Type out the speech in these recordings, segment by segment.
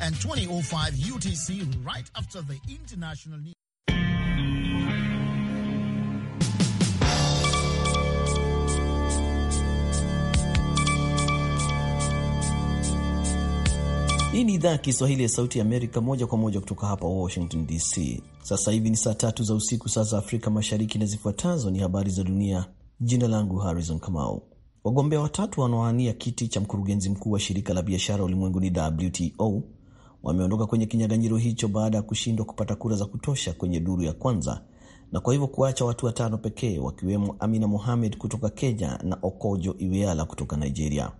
and 2005 UTC right after the international news. Hii ni idhaa ya Kiswahili ya Sauti ya Amerika moja kwa moja kutoka hapa Washington DC. Sasa hivi ni saa tatu za usiku, saa za Afrika Mashariki, na zifuatazo ni habari za dunia. Jina langu Harrison Kamau. Wagombea watatu wanaoania kiti cha mkurugenzi mkuu wa shirika la biashara ulimwenguni WTO wameondoka kwenye kinyang'anyiro hicho baada ya kushindwa kupata kura za kutosha kwenye duru ya kwanza na kwa hivyo kuacha watu watano pekee wakiwemo Amina Mohamed kutoka Kenya na Okojo Iweala kutoka Nigeria.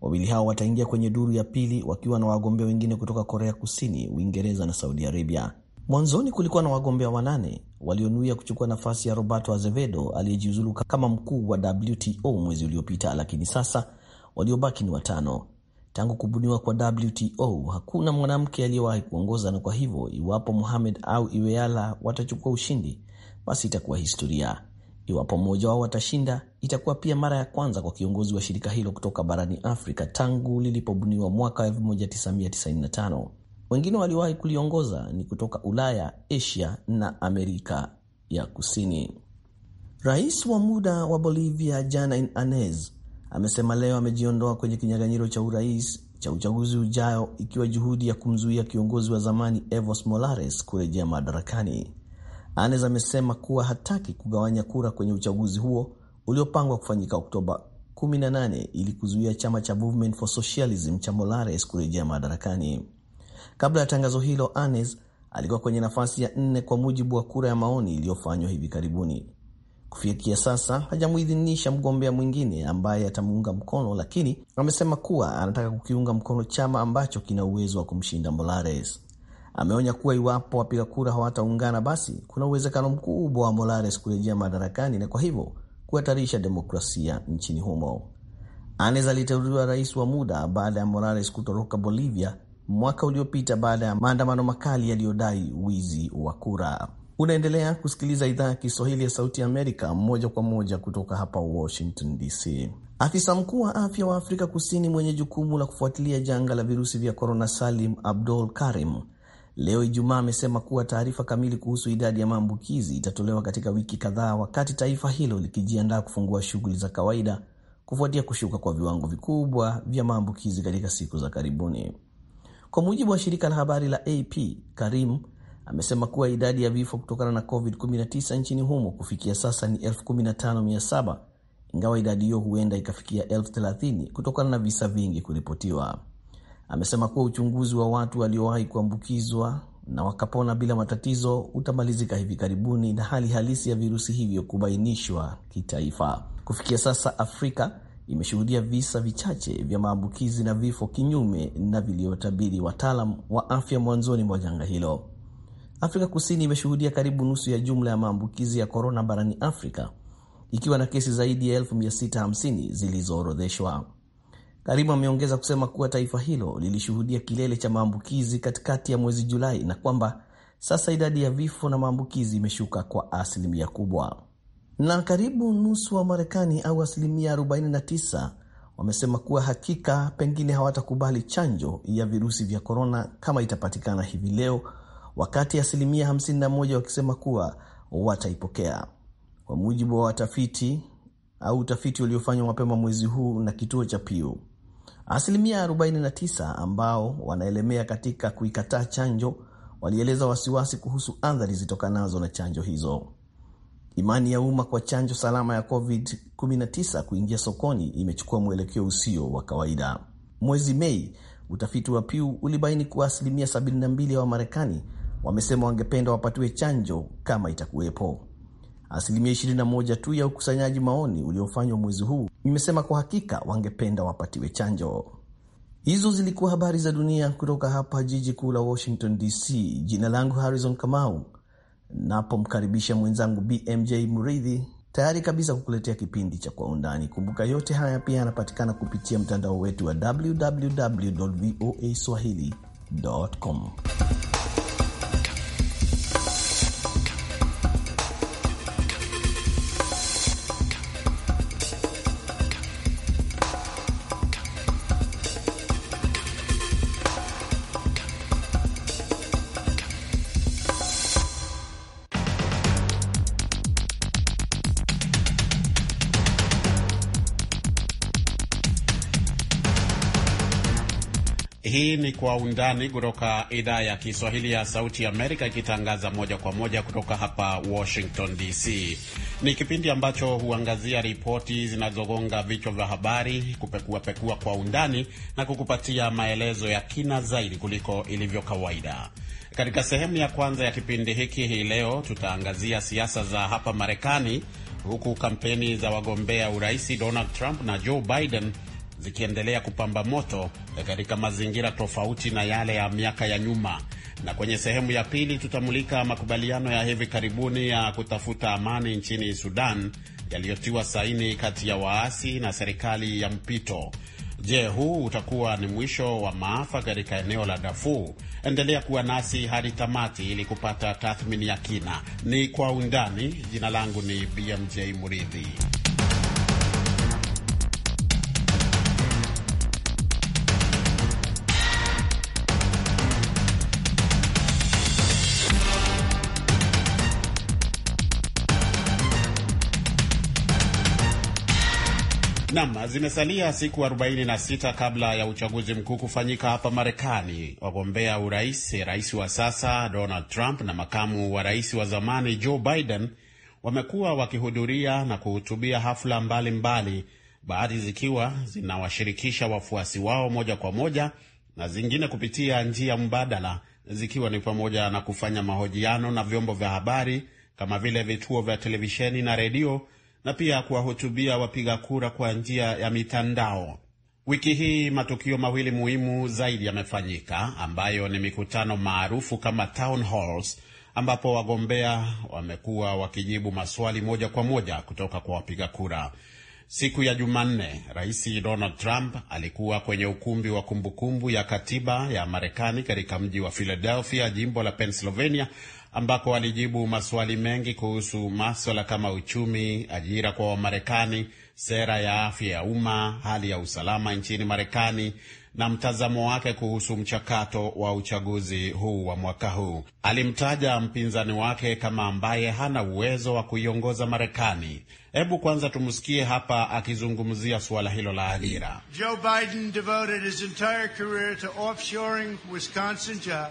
Wawili hao wataingia kwenye duru ya pili wakiwa na wagombea wengine kutoka Korea Kusini, Uingereza na Saudi Arabia. Mwanzoni kulikuwa na wagombea wanane walionuia kuchukua nafasi ya Roberto Azevedo aliyejiuzulu kama mkuu wa WTO mwezi uliopita, lakini sasa waliobaki ni watano. Tangu kubuniwa kwa WTO hakuna mwanamke aliyewahi kuongoza, na kwa hivyo iwapo muhamed au Iweala watachukua ushindi, basi itakuwa historia. Iwapo mmoja wao watashinda, itakuwa pia mara ya kwanza kwa kiongozi wa shirika hilo kutoka barani Afrika tangu lilipobuniwa mwaka 1995. Wengine waliwahi kuliongoza ni kutoka Ulaya, Asia na Amerika ya Kusini. Rais wa muda wa Bolivia Jan Inanez amesema leo amejiondoa kwenye kinyang'anyiro cha urais cha uchaguzi ujao ikiwa juhudi ya kumzuia kiongozi wa zamani Evos Morales kurejea madarakani. Anes amesema kuwa hataki kugawanya kura kwenye uchaguzi huo uliopangwa kufanyika Oktoba 18 ili kuzuia chama cha Movement for Socialism cha Morales kurejea madarakani. Kabla ya tangazo hilo, Anes alikuwa kwenye nafasi ya nne kwa mujibu wa kura ya maoni iliyofanywa hivi karibuni. Kufikia sasa hajamuidhinisha mgombea mwingine ambaye atamuunga mkono, lakini amesema kuwa anataka kukiunga mkono chama ambacho kina uwezo wa kumshinda Morales. Ameonya kuwa iwapo wapiga kura hawataungana, basi kuna uwezekano mkubwa wa Morales kurejea madarakani na kwa hivyo kuhatarisha demokrasia nchini humo. Anes aliteuliwa rais wa muda baada ya Morales kutoroka Bolivia mwaka uliopita baada ya maandamano makali yaliyodai wizi wa kura. Unaendelea kusikiliza idhaa ya Kiswahili ya Sauti Amerika moja kwa moja kutoka hapa Washington DC. Afisa mkuu wa afya wa Afrika Kusini mwenye jukumu la kufuatilia janga la virusi vya korona, Salim Abdul Karim, leo Ijumaa, amesema kuwa taarifa kamili kuhusu idadi ya maambukizi itatolewa katika wiki kadhaa, wakati taifa hilo likijiandaa kufungua shughuli za kawaida kufuatia kushuka kwa viwango vikubwa vya maambukizi katika siku za karibuni. Kwa mujibu wa shirika la habari la AP, Karim amesema kuwa idadi ya vifo kutokana na COVID-19 nchini humo kufikia sasa ni 15700 ingawa idadi hiyo huenda ikafikia 30 kutokana na visa vingi kuripotiwa. Amesema kuwa uchunguzi wa watu waliowahi kuambukizwa na wakapona bila matatizo utamalizika hivi karibuni na hali halisi ya virusi hivyo kubainishwa kitaifa. Kufikia sasa, Afrika imeshuhudia visa vichache vya maambukizi na vifo, kinyume na vilivyotabiri wataalam wa afya mwanzoni mwa janga hilo. Afrika Kusini imeshuhudia karibu nusu ya jumla ya maambukizi ya korona barani Afrika, ikiwa na kesi zaidi ya 650 zilizoorodheshwa. Karimu ameongeza kusema kuwa taifa hilo lilishuhudia kilele cha maambukizi katikati ya mwezi Julai na kwamba sasa idadi ya vifo na maambukizi imeshuka kwa asilimia kubwa. Na karibu nusu wa Marekani au asilimia 49 wamesema kuwa hakika pengine hawatakubali chanjo ya virusi vya korona kama itapatikana hivi leo wakati asilimia 51 wakisema kuwa wataipokea, kwa mujibu wa watafiti au utafiti uliofanywa mapema mwezi huu na kituo cha Pew. Asilimia 49 ambao wanaelemea katika kuikataa chanjo walieleza wasiwasi kuhusu athari zitokanazo na chanjo hizo. Imani ya umma kwa chanjo salama ya COVID-19 kuingia sokoni imechukua mwelekeo usio wa kawaida. Mwezi Mei, utafiti wa Pew ulibaini kuwa asilimia 72 ya Wamarekani wamesema wangependa wapatiwe chanjo kama itakuwepo. Asilimia 21 tu ya ukusanyaji maoni uliofanywa mwezi huu imesema kwa hakika wangependa wapatiwe chanjo. Hizo zilikuwa habari za dunia kutoka hapa jiji kuu la Washington DC. Jina langu Harrison Kamau, napomkaribisha mwenzangu BMJ Muridhi tayari kabisa kukuletea kipindi cha Kwa Undani. Kumbuka yote haya pia yanapatikana kupitia mtandao wetu wa www voa swahili com. Undani kutoka idhaa ya Kiswahili ya Sauti ya Amerika, ikitangaza moja kwa moja kutoka hapa Washington DC. Ni kipindi ambacho huangazia ripoti zinazogonga vichwa vya habari, kupekuapekua kwa undani na kukupatia maelezo ya kina zaidi kuliko ilivyo kawaida. Katika sehemu ya kwanza ya kipindi hiki hii leo, tutaangazia siasa za hapa Marekani, huku kampeni za wagombea urais Donald Trump na Joe Biden zikiendelea kupamba moto katika mazingira tofauti na yale ya miaka ya nyuma. Na kwenye sehemu ya pili tutamulika makubaliano ya hivi karibuni ya kutafuta amani nchini Sudan yaliyotiwa saini kati ya waasi na serikali ya mpito. Je, huu utakuwa ni mwisho wa maafa katika eneo la Darfur? Endelea kuwa nasi hadi tamati ili kupata tathmini ya kina. Ni kwa undani. Jina langu ni BMJ Muridhi. Nam, zimesalia siku 46 kabla ya uchaguzi mkuu kufanyika hapa Marekani. Wagombea urais, rais wa sasa Donald Trump na makamu wa rais wa zamani Joe Biden wamekuwa wakihudhuria na kuhutubia hafla mbalimbali, baadhi zikiwa zinawashirikisha wafuasi wao moja kwa moja na zingine kupitia njia mbadala, zikiwa ni pamoja na kufanya mahojiano na vyombo vya habari kama vile vituo vya televisheni na redio na pia kuwahutubia wapiga kura kwa njia ya mitandao. Wiki hii matukio mawili muhimu zaidi yamefanyika, ambayo ni mikutano maarufu kama town halls, ambapo wagombea wamekuwa wakijibu maswali moja kwa moja kutoka kwa wapiga kura. Siku ya Jumanne, Rais Donald Trump alikuwa kwenye ukumbi wa kumbukumbu ya katiba ya Marekani katika mji wa Philadelphia, jimbo la Pennsylvania, ambako walijibu maswali mengi kuhusu maswala kama uchumi, ajira kwa Wamarekani, sera ya afya ya umma, hali ya usalama nchini Marekani na mtazamo wake kuhusu mchakato wa uchaguzi huu wa mwaka huu. Alimtaja mpinzani wake kama ambaye hana uwezo wa kuiongoza Marekani. Hebu kwanza tumsikie hapa akizungumzia suala hilo la ajira.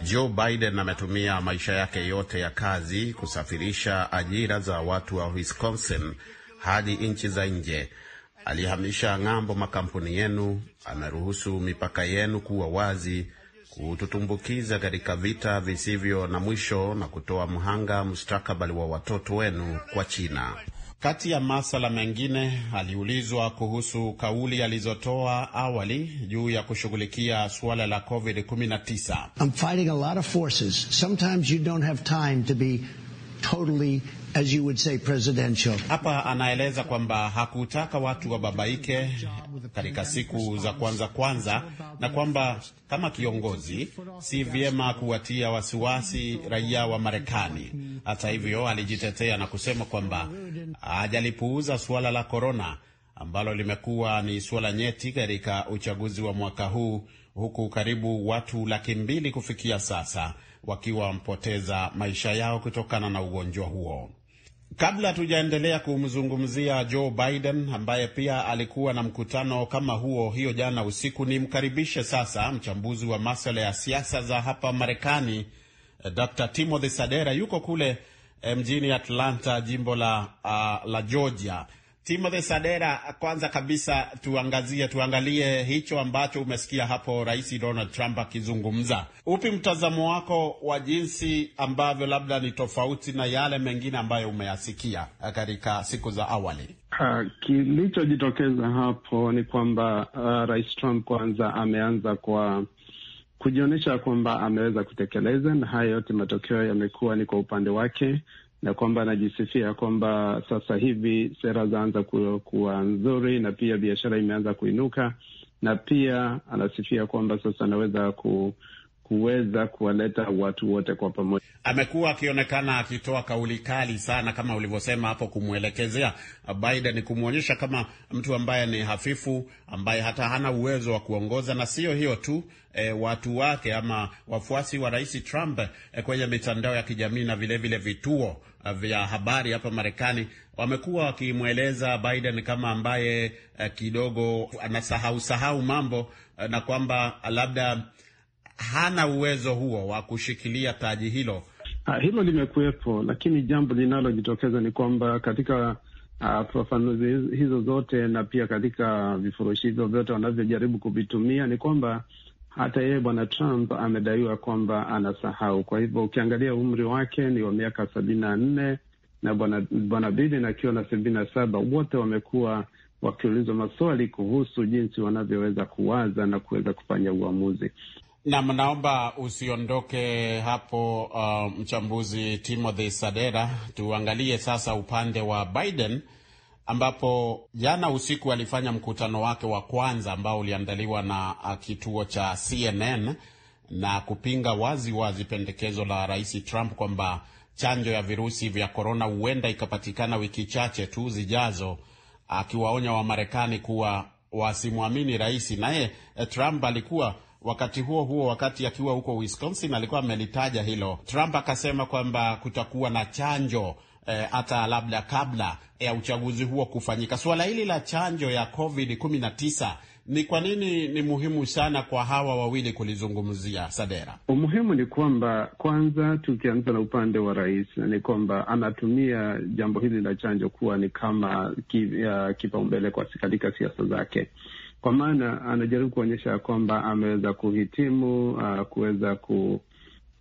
Joe Biden ametumia maisha yake yote ya kazi kusafirisha ajira za watu wa Wisconsin hadi nchi za nje alihamisha ng'ambo makampuni yenu, ameruhusu mipaka yenu kuwa wazi, kututumbukiza katika vita visivyo na mwisho na kutoa mhanga mustakabali wa watoto wenu kwa China. Kati ya masala mengine aliulizwa kuhusu kauli alizotoa awali juu ya kushughulikia suala la COVID-19 totally, as you would say, presidential. Hapa anaeleza kwamba hakutaka watu wababaike katika siku za kwanza kwanza, na kwamba kama kiongozi si vyema kuwatia wasiwasi raia wa Marekani. Hata hivyo, alijitetea na kusema kwamba hajalipuuza suala la korona ambalo limekuwa ni suala nyeti katika uchaguzi wa mwaka huu, huku karibu watu laki mbili kufikia sasa wakiwa wampoteza maisha yao kutokana na ugonjwa huo. Kabla tujaendelea kumzungumzia Joe Biden ambaye pia alikuwa na mkutano kama huo hiyo jana usiku, nimkaribishe sasa mchambuzi wa maswala ya siasa za hapa Marekani, eh, Dr. Timothy Sadera yuko kule eh, mjini Atlanta, jimbo la, uh, la Georgia. Timothy Sadera, kwanza kabisa tuangazie, tuangalie hicho ambacho umesikia hapo Rais Donald Trump akizungumza. Upi mtazamo wako wa jinsi ambavyo labda ni tofauti na yale mengine ambayo umeyasikia eh, katika siku za awali? Uh, kilichojitokeza hapo ni kwamba uh, Rais Trump kwanza ameanza kwa kujionyesha kwamba ameweza kutekeleza, na haya yote matokeo yamekuwa ni kwa upande wake na kwamba anajisifia kwamba sasa hivi sera zaanza kuwa nzuri na pia biashara imeanza kuinuka, na pia anasifia kwamba sasa anaweza ku kuweza kuwaleta watu wote kwa pamoja. Amekuwa akionekana akitoa kauli kali sana, kama ulivyosema hapo, kumwelekezea Biden, kumwonyesha kama mtu ambaye ni hafifu, ambaye hata hana uwezo wa kuongoza. Na sio hiyo tu e, watu wake ama wafuasi wa rais Trump e, kwenye mitandao ya kijamii na vilevile vile vituo Eh, vya habari hapa Marekani wamekuwa wakimweleza Biden kama ambaye eh, kidogo anasahau sahau mambo eh, na kwamba labda hana uwezo huo wa kushikilia taji hilo. Ha, ah, hilo limekuwepo, lakini jambo linalojitokeza ni kwamba katika uh, ah, fafanuzi hizo zote na pia katika vifurushi hivyo vyote wanavyojaribu kuvitumia ni kwamba hata yeye bwana Trump amedaiwa kwamba anasahau. Kwa hivyo ukiangalia umri wake ni wa miaka sabini na nne na bwana Biden akiwa na sabini na saba, wote wamekuwa wakiulizwa maswali kuhusu jinsi wanavyoweza kuwaza na kuweza kufanya uamuzi. Nam, naomba usiondoke hapo, uh, mchambuzi Timothy Sadera. Tuangalie sasa upande wa Biden ambapo jana usiku alifanya mkutano wake wa kwanza ambao uliandaliwa na ah, kituo cha CNN na kupinga wazi wazi pendekezo la Rais Trump kwamba chanjo ya virusi vya korona huenda ikapatikana wiki chache tu zijazo, akiwaonya Wamarekani kuwa wasimwamini rais. Naye eh, Trump alikuwa wakati huo huo, wakati akiwa huko Wisconsin, alikuwa amelitaja hilo. Trump akasema kwamba kutakuwa na chanjo Eh, hata e, labda kabla ya uchaguzi huo kufanyika. Suala hili la chanjo ya Covid 19 ni kwa nini ni muhimu sana kwa hawa wawili kulizungumzia, Sadera? Umuhimu ni kwamba kwanza, tukianza na upande wa rais, ni kwamba anatumia jambo hili la chanjo kuwa ni kama kipaumbele kwa katika siasa zake, kwa maana anajaribu kuonyesha kwamba ameweza kuhitimu uh, kuweza ku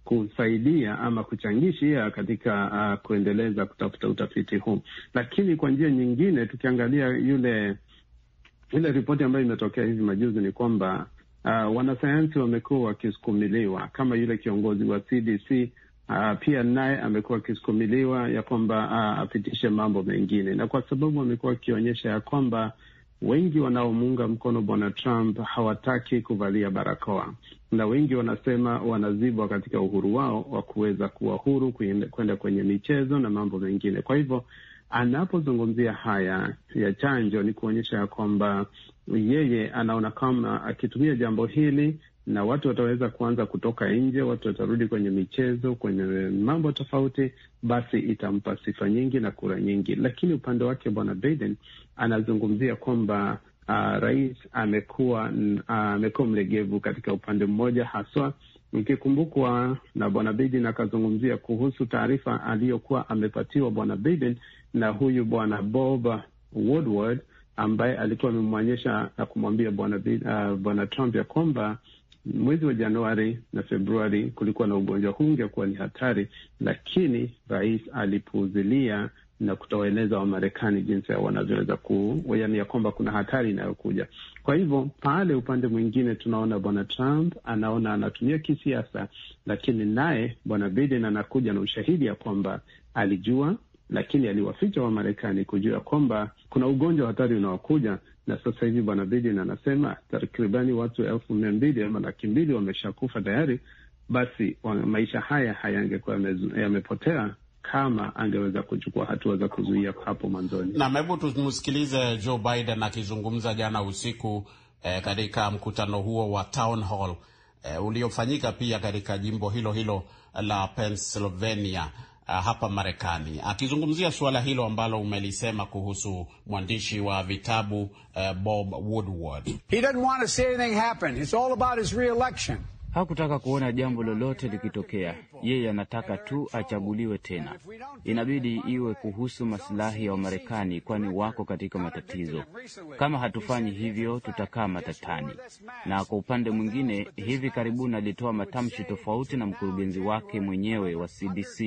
kusaidia ama kuchangishia katika uh, kuendeleza kutafuta utafiti huu. Lakini kwa njia nyingine, tukiangalia yule ile ripoti ambayo imetokea hivi majuzi ni kwamba uh, wanasayansi wamekuwa wakisukumiliwa kama yule kiongozi wa CDC Uh, pia naye amekuwa akisukumiliwa ya kwamba uh, apitishe mambo mengine, na kwa sababu amekuwa akionyesha ya kwamba wengi wanaomuunga mkono bwana Trump hawataki kuvalia barakoa na wengi wanasema wanazibwa katika uhuru wao wa kuweza kuwa huru kwenda kwenye michezo na mambo mengine. Kwa hivyo anapozungumzia haya ya chanjo, ni kuonyesha ya kwamba yeye anaona kama akitumia jambo hili na watu wataweza kuanza kutoka nje, watu watarudi kwenye michezo, kwenye mambo tofauti, basi itampa sifa nyingi na kura nyingi. Lakini upande wake bwana Biden anazungumzia kwamba uh, rais amekuwa ah, amekuwa uh, mlegevu katika upande mmoja haswa ikikumbukwa na bwana Biden akazungumzia kuhusu taarifa aliyokuwa amepatiwa bwana Biden na huyu bwana Bob Woodward ambaye alikuwa amemwonyesha na kumwambia bwana uh, bwana Trump ya kwamba mwezi wa Januari na Februari kulikuwa na ugonjwa huu, ungekuwa ni hatari, lakini rais alipuuzilia na kutoeleza Wamarekani jinsi ya wanavyoweza ku, yaani ya kwamba kuna hatari inayokuja. Kwa hivyo pale upande mwingine tunaona bwana Trump anaona anatumia kisiasa, lakini naye bwana Biden anakuja na ushahidi ya kwamba alijua, lakini aliwaficha Wamarekani kujua kwamba kuna ugonjwa hatari unaokuja, na sasa hivi Bwana Biden anasema takribani watu elfu mia mbili ama laki mbili wameshakufa tayari. Basi maisha haya hayangekuwa yamepotea kama angeweza kuchukua hatua za kuzuia hapo mwanzoni. Naam, hebu tumsikilize Joe Biden akizungumza jana usiku eh, katika mkutano huo wa town hall eh, uliofanyika pia katika jimbo hilo hilo la Pennsylvania Uh, hapa Marekani. Akizungumzia suala hilo ambalo umelisema kuhusu mwandishi wa vitabu uh, Bob Woodward, hakutaka kuona jambo lolote likitokea. Yeye anataka tu achaguliwe tena. Inabidi iwe kuhusu masilahi ya Wamarekani, kwani wako katika matatizo. Kama hatufanyi hivyo, tutakaa matatani. Na kwa upande mwingine, hivi karibuni alitoa matamshi tofauti na mkurugenzi wake mwenyewe wa CDC.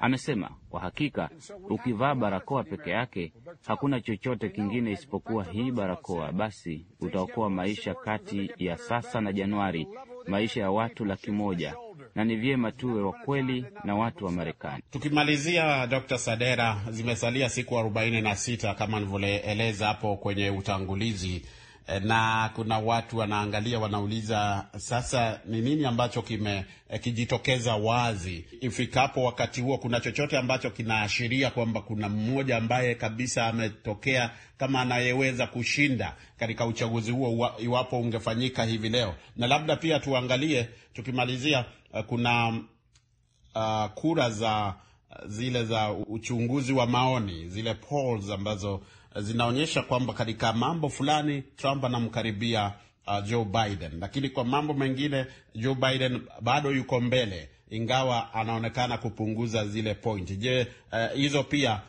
Amesema kwa hakika, ukivaa barakoa peke yake hakuna chochote kingine isipokuwa hii barakoa, basi utaokoa maisha kati ya sasa na Januari, maisha ya watu laki moja na ni vyema tuwe wa kweli na watu wa Marekani. Tukimalizia, Dr Sadera, zimesalia siku 46 kama nilivyoeleza hapo kwenye utangulizi Eh, na kuna watu wanaangalia, wanauliza sasa ni nini ambacho kime eh, kijitokeza wazi ifikapo wakati huo. Kuna chochote ambacho kinaashiria kwamba kuna mmoja ambaye kabisa ametokea kama anayeweza kushinda katika uchaguzi huo iwapo ungefanyika hivi leo? Na labda pia tuangalie tukimalizia, eh, kuna uh, kura za zile za uchunguzi wa maoni zile polls ambazo zinaonyesha kwamba katika mambo fulani Trump anamkaribia uh, Joe Biden, lakini kwa mambo mengine Joe Biden bado yuko mbele, ingawa anaonekana kupunguza zile point. Je, uh, hizo uh, pia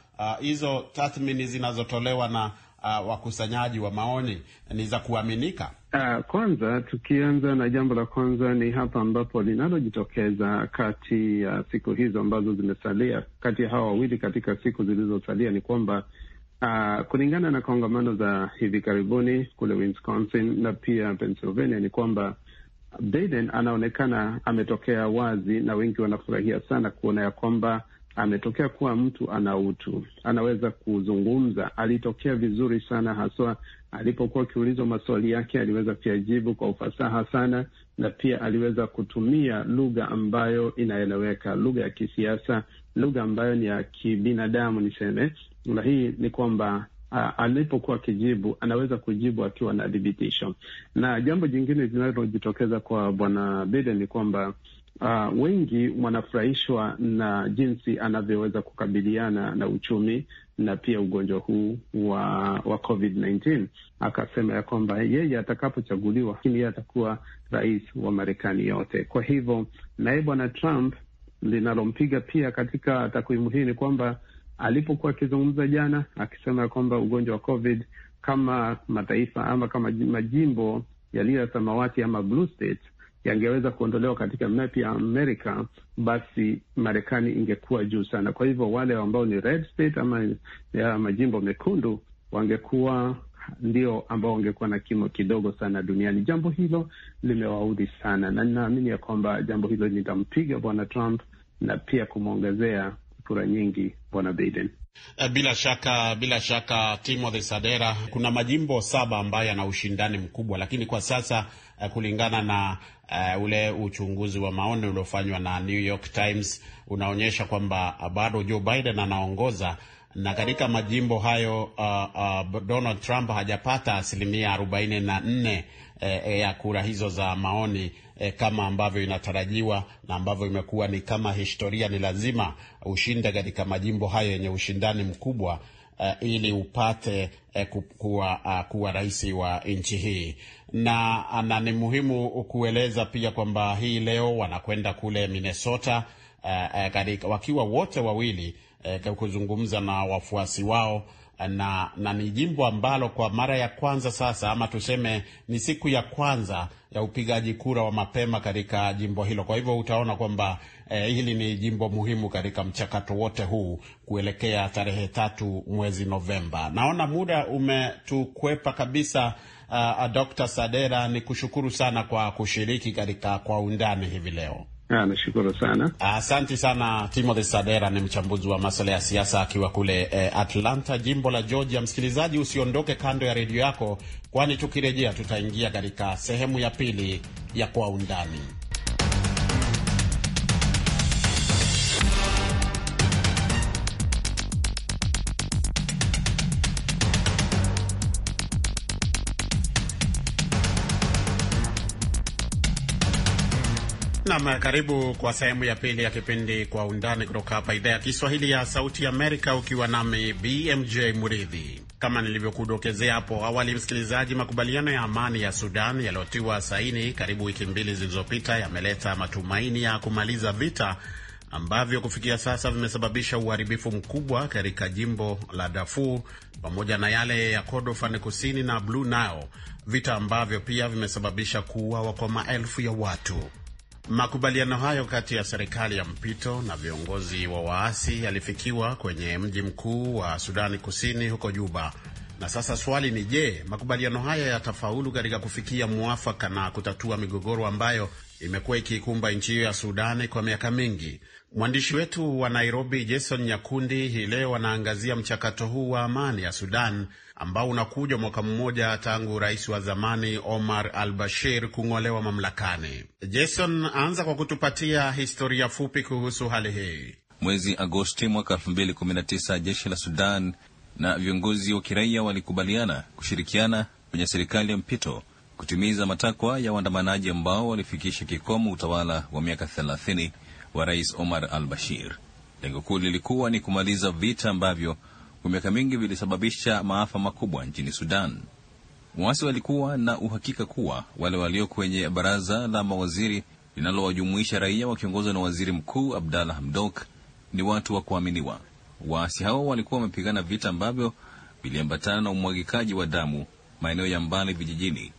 hizo uh, tathmini zinazotolewa na uh, wakusanyaji wa maoni ni za kuaminika? Uh, kwanza tukianza na jambo la kwanza ni hapa ambapo linalojitokeza kati ya uh, siku hizo ambazo zimesalia, kati ya hawa wawili katika siku zilizosalia ni kwamba Uh, kulingana na kongamano za hivi karibuni kule Wisconsin na pia Pennsylvania ni kwamba Biden anaonekana ametokea wazi, na wengi wanafurahia sana kuona ya kwamba ametokea kuwa mtu ana utu, anaweza kuzungumza. Alitokea vizuri sana haswa Alipokuwa akiulizwa maswali yake aliweza kuyajibu kwa ufasaha sana, na pia aliweza kutumia lugha ambayo inaeleweka, lugha ya kisiasa, lugha ambayo ni ya kibinadamu niseme. Na hii ni kwamba alipokuwa akijibu anaweza kujibu akiwa na dhibitisho. Na jambo jingine linalojitokeza kwa bwana Biden ni kwamba Uh, wengi wanafurahishwa na jinsi anavyoweza kukabiliana na uchumi na pia ugonjwa huu wa wa COVID-19. Akasema ya kwamba yeye atakapochaguliwa, lakini yeye atakuwa rais wa Marekani yote. Kwa hivyo naye bwana Trump, linalompiga pia katika takwimu hii ni kwamba alipokuwa akizungumza jana akisema ya kwamba ugonjwa wa COVID kama mataifa ama kama majimbo yaliyo ya samawati ama blue state yangeweza kuondolewa katika map ya Amerika, basi Marekani ingekuwa juu sana. Kwa hivyo wale ambao ni red state ama ya majimbo mekundu wangekuwa ndio ambao wangekuwa na kimo kidogo sana duniani. Jambo hilo limewaudhi sana, na ninaamini ya kwamba jambo hilo litampiga bwana Trump na pia kumwongezea kura nyingi bwana Biden. Eh, bila shaka bila shaka, Timothy Sadera, kuna majimbo saba ambayo yana ushindani mkubwa, lakini kwa sasa eh, kulingana na uh, ule uchunguzi wa maoni uliofanywa na New York Times unaonyesha kwamba bado Joe Biden anaongoza na katika majimbo hayo uh, uh, Donald Trump hajapata asilimia arobaini na nne ya kura hizo za maoni eh, kama ambavyo inatarajiwa na ambavyo imekuwa ni kama historia, ni lazima ushinde katika majimbo hayo yenye ushindani mkubwa eh, ili upate eh, kuwa, uh, kuwa rais wa nchi hii na, ah, na ni muhimu kueleza pia kwamba hii leo wanakwenda kule Minnesota eh, eh, katika, wakiwa wote wawili eh, kuzungumza na wafuasi wao eh, na, na ni jimbo ambalo kwa mara ya kwanza sasa ama tuseme ni siku ya kwanza ya upigaji kura wa mapema katika jimbo hilo. Kwa hivyo utaona kwamba eh, hili ni jimbo muhimu katika mchakato wote huu kuelekea tarehe tatu mwezi Novemba. Naona muda umetukwepa kabisa. Uh, Dr. Sadera, ni kushukuru sana kwa kushiriki katika kwa undani hivi leo. Ah, nashukuru sana, asante sana. Timothy Sadera ni mchambuzi wa masuala ya siasa akiwa kule eh, Atlanta, jimbo la Georgia. Msikilizaji, usiondoke kando ya redio yako, kwani tukirejea tutaingia katika sehemu ya pili ya Kwa Undani. Nam, karibu kwa sehemu ya pili ya kipindi Kwa Undani kutoka hapa idhaa ya Kiswahili ya Sauti Amerika, ukiwa nami BMJ Muridhi. Kama nilivyokudokezea hapo awali, msikilizaji, makubaliano ya amani ya Sudan yaliyotiwa saini karibu wiki mbili zilizopita yameleta matumaini ya kumaliza vita ambavyo kufikia sasa vimesababisha uharibifu mkubwa katika jimbo la Darfur pamoja na yale ya Kordofan kusini na Blue Nile, vita ambavyo pia vimesababisha kuuawa kwa maelfu ya watu. Makubaliano hayo kati ya serikali ya mpito na viongozi wa waasi yalifikiwa kwenye mji mkuu wa Sudani Kusini huko Juba. Na sasa swali ni je, makubaliano haya yatafaulu katika kufikia mwafaka na kutatua migogoro ambayo imekuwa ikiikumba nchi hiyo ya Sudani kwa miaka mingi? Mwandishi wetu wa Nairobi, Jason Nyakundi, hii leo anaangazia mchakato huu wa amani ya Sudan ambao unakuja mwaka mmoja tangu rais wa zamani Omar al Bashir kung'olewa mamlakani. Jason, anza kwa kutupatia historia fupi kuhusu hali hii. Mwezi Agosti mwaka 2019 jeshi la Sudan na viongozi wa kiraia walikubaliana kushirikiana kwenye serikali ya mpito kutimiza matakwa ya waandamanaji ambao walifikisha kikomo utawala wa miaka thelathini wa Rais Omar al Bashir. Lengo kuu lilikuwa ni kumaliza vita ambavyo kwa miaka mingi vilisababisha maafa makubwa nchini Sudan. Waasi walikuwa na uhakika kuwa wale walio kwenye baraza la mawaziri linalowajumuisha raia wakiongozwa na waziri mkuu Abdalla Hamdok ni watu wa kuaminiwa. Waasi hao walikuwa wamepigana vita ambavyo viliambatana na umwagikaji wa damu maeneo ya mbali vijijini.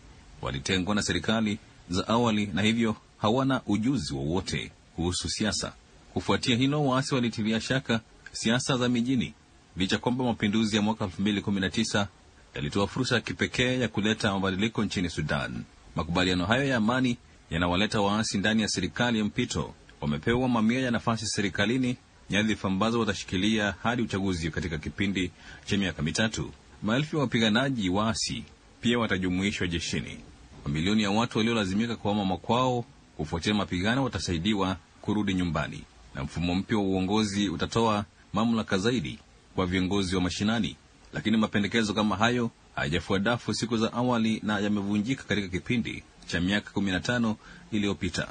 Walitengwa na serikali za awali na hivyo hawana ujuzi wowote kuhusu siasa. Kufuatia hilo, waasi walitilia shaka siasa za mijini licha kwamba mapinduzi ya mwaka 2019 yalitoa fursa ya kipekee ya kuleta mabadiliko nchini Sudan. Makubaliano hayo ya amani yanawaleta waasi ndani ya serikali ya mpito. Wamepewa mamia ya nafasi serikalini, nyadhifa ambazo watashikilia hadi uchaguzi katika kipindi cha miaka mitatu. Maelfu ya wapiganaji waasi pia watajumuishwa jeshini. Mamilioni ya watu waliolazimika kuhama makwao kufuatia mapigano watasaidiwa kurudi nyumbani, na mfumo mpya wa uongozi utatoa mamlaka zaidi kwa viongozi wa mashinani. Lakini mapendekezo kama hayo hayajafua dafu siku za awali na yamevunjika katika kipindi cha miaka kumi na tano iliyopita.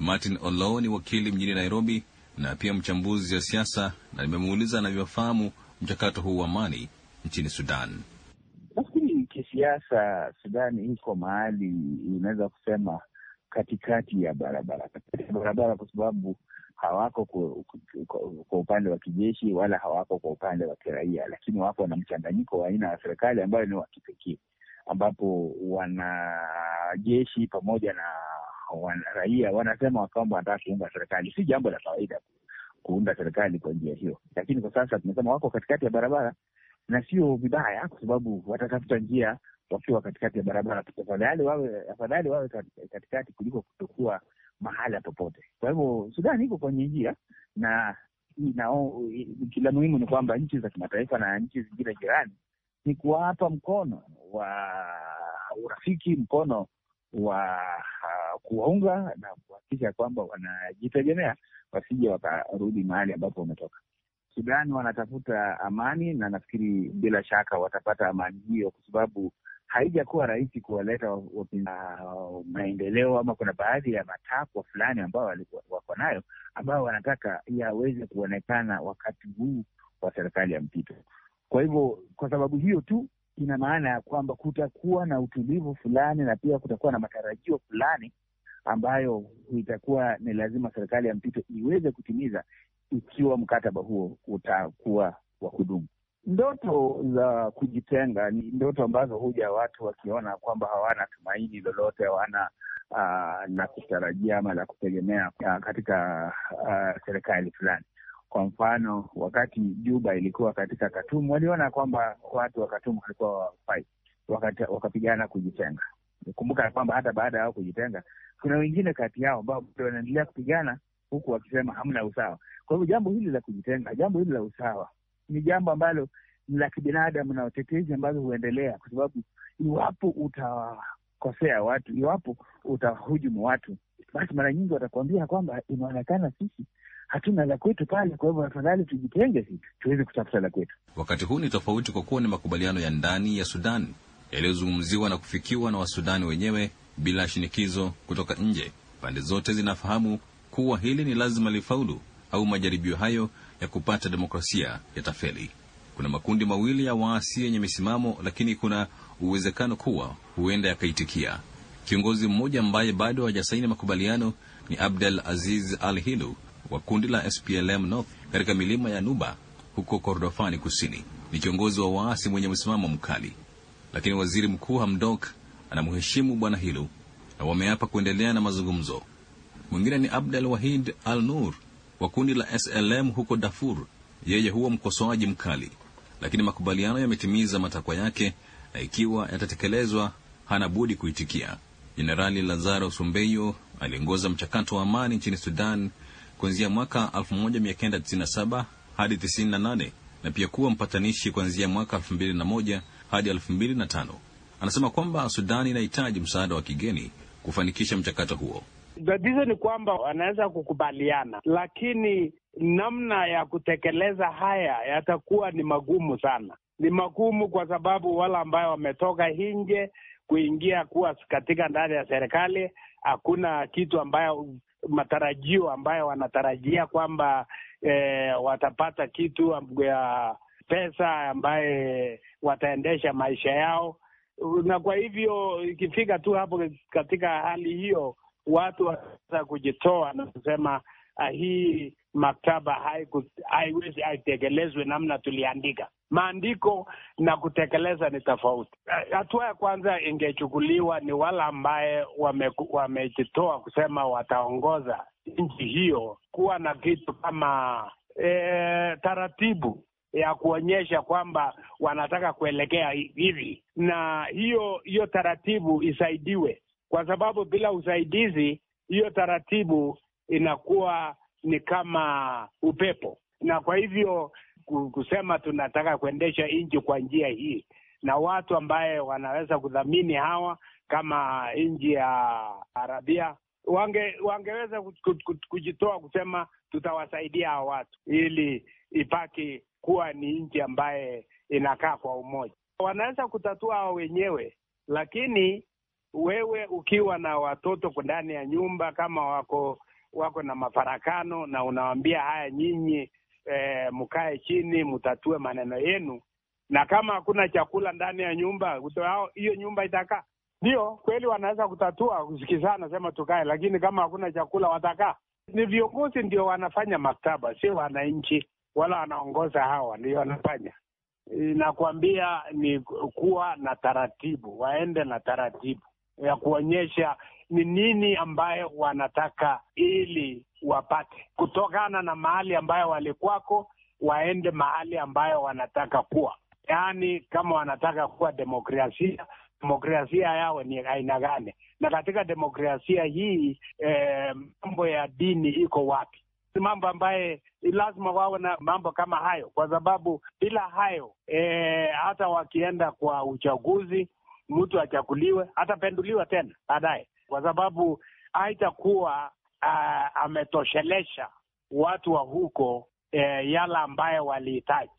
Martin Olo ni wakili mjini Nairobi na pia mchambuzi wa siasa, na nimemuuliza anavyofahamu mchakato huu wa amani nchini Sudan. Nafikiri kisiasa, Sudani iko mahali inaweza kusema katikati ya barabara, katikati ya barabara, kwa sababu hawako kwa upande wa kijeshi wala hawako kwa upande wa kiraia, lakini wako na mchanganyiko wa aina ya serikali ambayo ni wa kipekee, ambapo wanajeshi pamoja na wanaraia wanasema kwamba wanataka kuunga serikali. Si jambo la kawaida kuunda serikali kwa njia hiyo, lakini kwa sasa tunasema wako katikati ya barabara, na sio vibaya, kwa sababu watatafuta njia wakiwa katikati ya barabara, afadhali wawe afadhali wawe katikati kuliko kutokuwa mahala popote. Kwa hivyo Sudan iko kwenye njia na inao, kila muhimu ni kwamba nchi za kimataifa na nchi zingine jirani ni kuwapa mkono wa urafiki, mkono wa kuwaunga na kuhakikisha kwamba wanajitegemea, wasije wakarudi mahali ambapo wametoka. Sudan wanatafuta amani na nafikiri bila shaka watapata amani hiyo, kwa sababu haijakuwa rahisi kuwaleta maendeleo ama kuna baadhi ya matakwa fulani ambao wako nayo ambao wanataka yaweze kuonekana wakati huu wa serikali ya mpito. Kwa hivyo, kwa sababu hiyo tu ina maana ya kwamba kutakuwa na utulivu fulani na pia kutakuwa na matarajio fulani ambayo itakuwa ni lazima serikali ya mpito iweze kutimiza ikiwa mkataba huo utakuwa wa kudumu. Ndoto za kujitenga ni ndoto ambazo huja watu wakiona kwamba hawana tumaini lolote, hawana uh, ah, la kutarajia ama la kutegemea uh, katika uh, serikali fulani. Kwa mfano, wakati Juba ilikuwa katika Katumu, waliona kwamba watu wa Katumu walikuwa wafai, wakapigana kujitenga. Kumbuka kwamba hata baada yao kujitenga, kuna wengine kati yao ambao wanaendelea kupigana huku wakisema hamna usawa. Kwa hivyo jambo hili la kujitenga, jambo hili la usawa ni jambo ambalo ni la kibinadamu na utetezi ambazo huendelea, kwa sababu iwapo utawakosea watu, iwapo utawahujumu watu, basi mara nyingi watakuambia kwamba inaonekana sisi hatuna la kwetu pale, kwa hivyo afadhali tujitenge sisi tuweze kutafuta la kwetu. Wakati huu ni tofauti kwa kuwa ni makubaliano ya ndani ya Sudan yaliyozungumziwa na kufikiwa na Wasudani wenyewe bila shinikizo kutoka nje. Pande zote zinafahamu kuwa hili ni lazima lifaulu au majaribio hayo ya kupata demokrasia yatafeli. Kuna makundi mawili ya waasi yenye misimamo, lakini kuna uwezekano kuwa huenda yakaitikia. Kiongozi mmoja ambaye bado hajasaini makubaliano ni Abdel Aziz Al Hilu wa kundi la SPLM North katika milima ya Nuba huko Kordofani Kusini. Ni kiongozi wa waasi mwenye msimamo mkali, lakini waziri mkuu Hamdok anamheshimu bwana Hilu na wameapa kuendelea na mazungumzo. Mwingine ni Abdel Wahid Al Nur wa kundi la SLM huko Darfur. Yeye huwa mkosoaji mkali, lakini makubaliano yametimiza matakwa yake na ikiwa yatatekelezwa hana budi kuitikia. Jenerali Lazaro Sumbeyo aliongoza mchakato wa amani nchini Sudan kuanzia mwaka 1997 hadi 98 na pia kuwa mpatanishi kuanzia mwaka 2001 hadi 2005. Anasema kwamba Sudani inahitaji msaada wa kigeni kufanikisha mchakato huo. Tatizo ni kwamba wanaweza kukubaliana, lakini namna ya kutekeleza haya yatakuwa ni magumu sana. Ni magumu kwa sababu wale ambayo wametoka nje kuingia kuwa katika ndani ya serikali, hakuna kitu ambayo matarajio ambayo wanatarajia kwamba eh, watapata kitu ya pesa ambaye wataendesha maisha yao, na kwa hivyo ikifika tu hapo katika hali hiyo watu wanaweza kujitoa na kusema uh, hii maktaba haiwezi haitekelezwe namna tuliandika maandiko na kutekeleza ni tofauti. Eh, hatua ya kwanza ingechukuliwa ni wale ambaye wamejitoa wame kusema wataongoza nchi hiyo kuwa na kitu kama e, taratibu ya kuonyesha kwamba wanataka kuelekea hivi, na hiyo hiyo taratibu isaidiwe kwa sababu bila usaidizi hiyo taratibu inakuwa ni kama upepo, na kwa hivyo kusema tunataka kuendesha nchi kwa njia hii na watu ambaye wanaweza kudhamini hawa kama nchi ya Arabia wange, wangeweza kujitoa kusema tutawasaidia hawa watu ili ibaki kuwa ni nchi ambaye inakaa kwa umoja. Wanaweza kutatua hao wenyewe, lakini wewe ukiwa na watoto ndani ya nyumba, kama wako wako na mafarakano na unawaambia haya, nyinyi e, mkae chini mtatue maneno yenu, na kama hakuna chakula ndani ya nyumba, hiyo nyumba itakaa. Ndio kweli, wanaweza kutatua kusikizana, sema tukae, lakini kama hakuna chakula watakaa. Ni viongozi ndio wanafanya maktaba, sio wananchi wala wanaongoza hawa, ndio wanafanya inakuambia ni kuwa na taratibu, waende na taratibu ya kuonyesha ni nini ambayo wanataka ili wapate kutokana na mahali ambayo walikwako, waende mahali ambayo wanataka kuwa. Yaani, kama wanataka kuwa demokrasia, demokrasia yao ni aina gani? Na katika demokrasia hii eh, mambo ya dini iko wapi? Ni mambo ambaye lazima wawe na mambo kama hayo, kwa sababu bila hayo eh, hata wakienda kwa uchaguzi mtu achakuliwe, atapenduliwa tena baadaye, kwa sababu haitakuwa uh, ametoshelesha watu wa huko uh, yala ambayo walihitaji.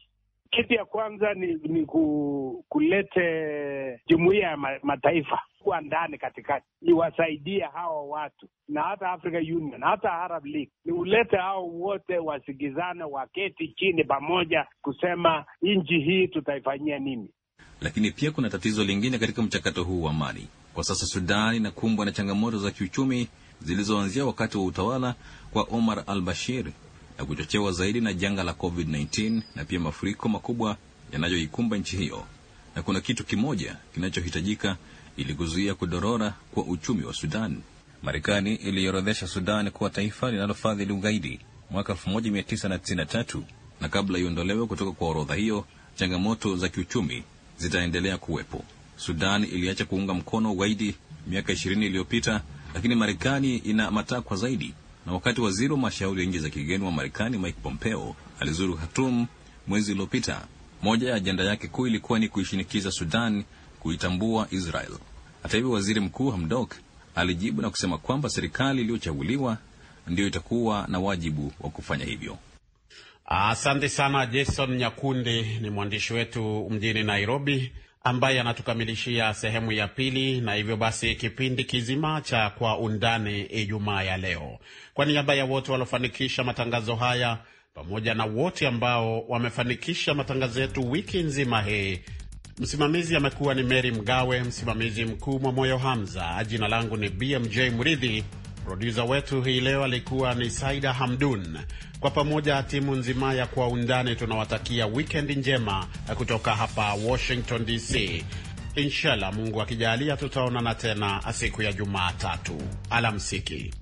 Kitu ya kwanza ni, ni ku, kulete jumuiya ya mataifa kuwa ndani katikati iwasaidia hawa watu na hata African Union, hata Arab League, ni ulete hao wote wasikizane, waketi chini pamoja kusema nchi hii tutaifanyia nini. Lakini pia kuna tatizo lingine katika mchakato huu wa amani. Kwa sasa Sudan inakumbwa na changamoto za kiuchumi zilizoanzia wakati wa utawala kwa Omar al Bashir na kuchochewa zaidi na janga la COVID-19 na pia mafuriko makubwa yanayoikumba nchi hiyo. Na kuna kitu kimoja kinachohitajika ili kuzuia kudorora kwa uchumi wa Sudan. Marekani iliorodhesha Sudan kuwa taifa linalofadhili ugaidi mwaka 1993 na kabla iondolewe kutoka kwa orodha hiyo, changamoto za kiuchumi zitaendelea kuwepo. Sudan iliacha kuunga mkono ugaidi miaka ishirini iliyopita, lakini Marekani ina matakwa zaidi. Na wakati waziri wa mashauri ya nchi za kigeni wa Marekani Mike Pompeo alizuru Khartoum mwezi uliopita, moja ya ajenda yake kuu ilikuwa ni kuishinikiza Sudan kuitambua Israel. Hata hivyo, waziri mkuu Hamdok alijibu na kusema kwamba serikali iliyochaguliwa ndiyo itakuwa na wajibu wa kufanya hivyo. Asante sana Jason Nyakundi, ni mwandishi wetu mjini Nairobi ambaye anatukamilishia sehemu ya pili, na hivyo basi kipindi kizima cha Kwa Undani Ijumaa ya leo. Kwa niaba ya wote waliofanikisha matangazo haya pamoja na wote ambao wamefanikisha matangazo yetu wiki nzima hii, msimamizi amekuwa ni Meri Mgawe, msimamizi mkuu Mwamoyo Hamza, jina langu ni BMJ Mridhi. Produsa wetu hii leo alikuwa ni Saida Hamdun. Kwa pamoja timu nzima ya Kwa Undani tunawatakia wikendi njema kutoka hapa Washington DC. Inshallah, Mungu akijalia, tutaonana tena siku ya Jumatatu. Alamsiki.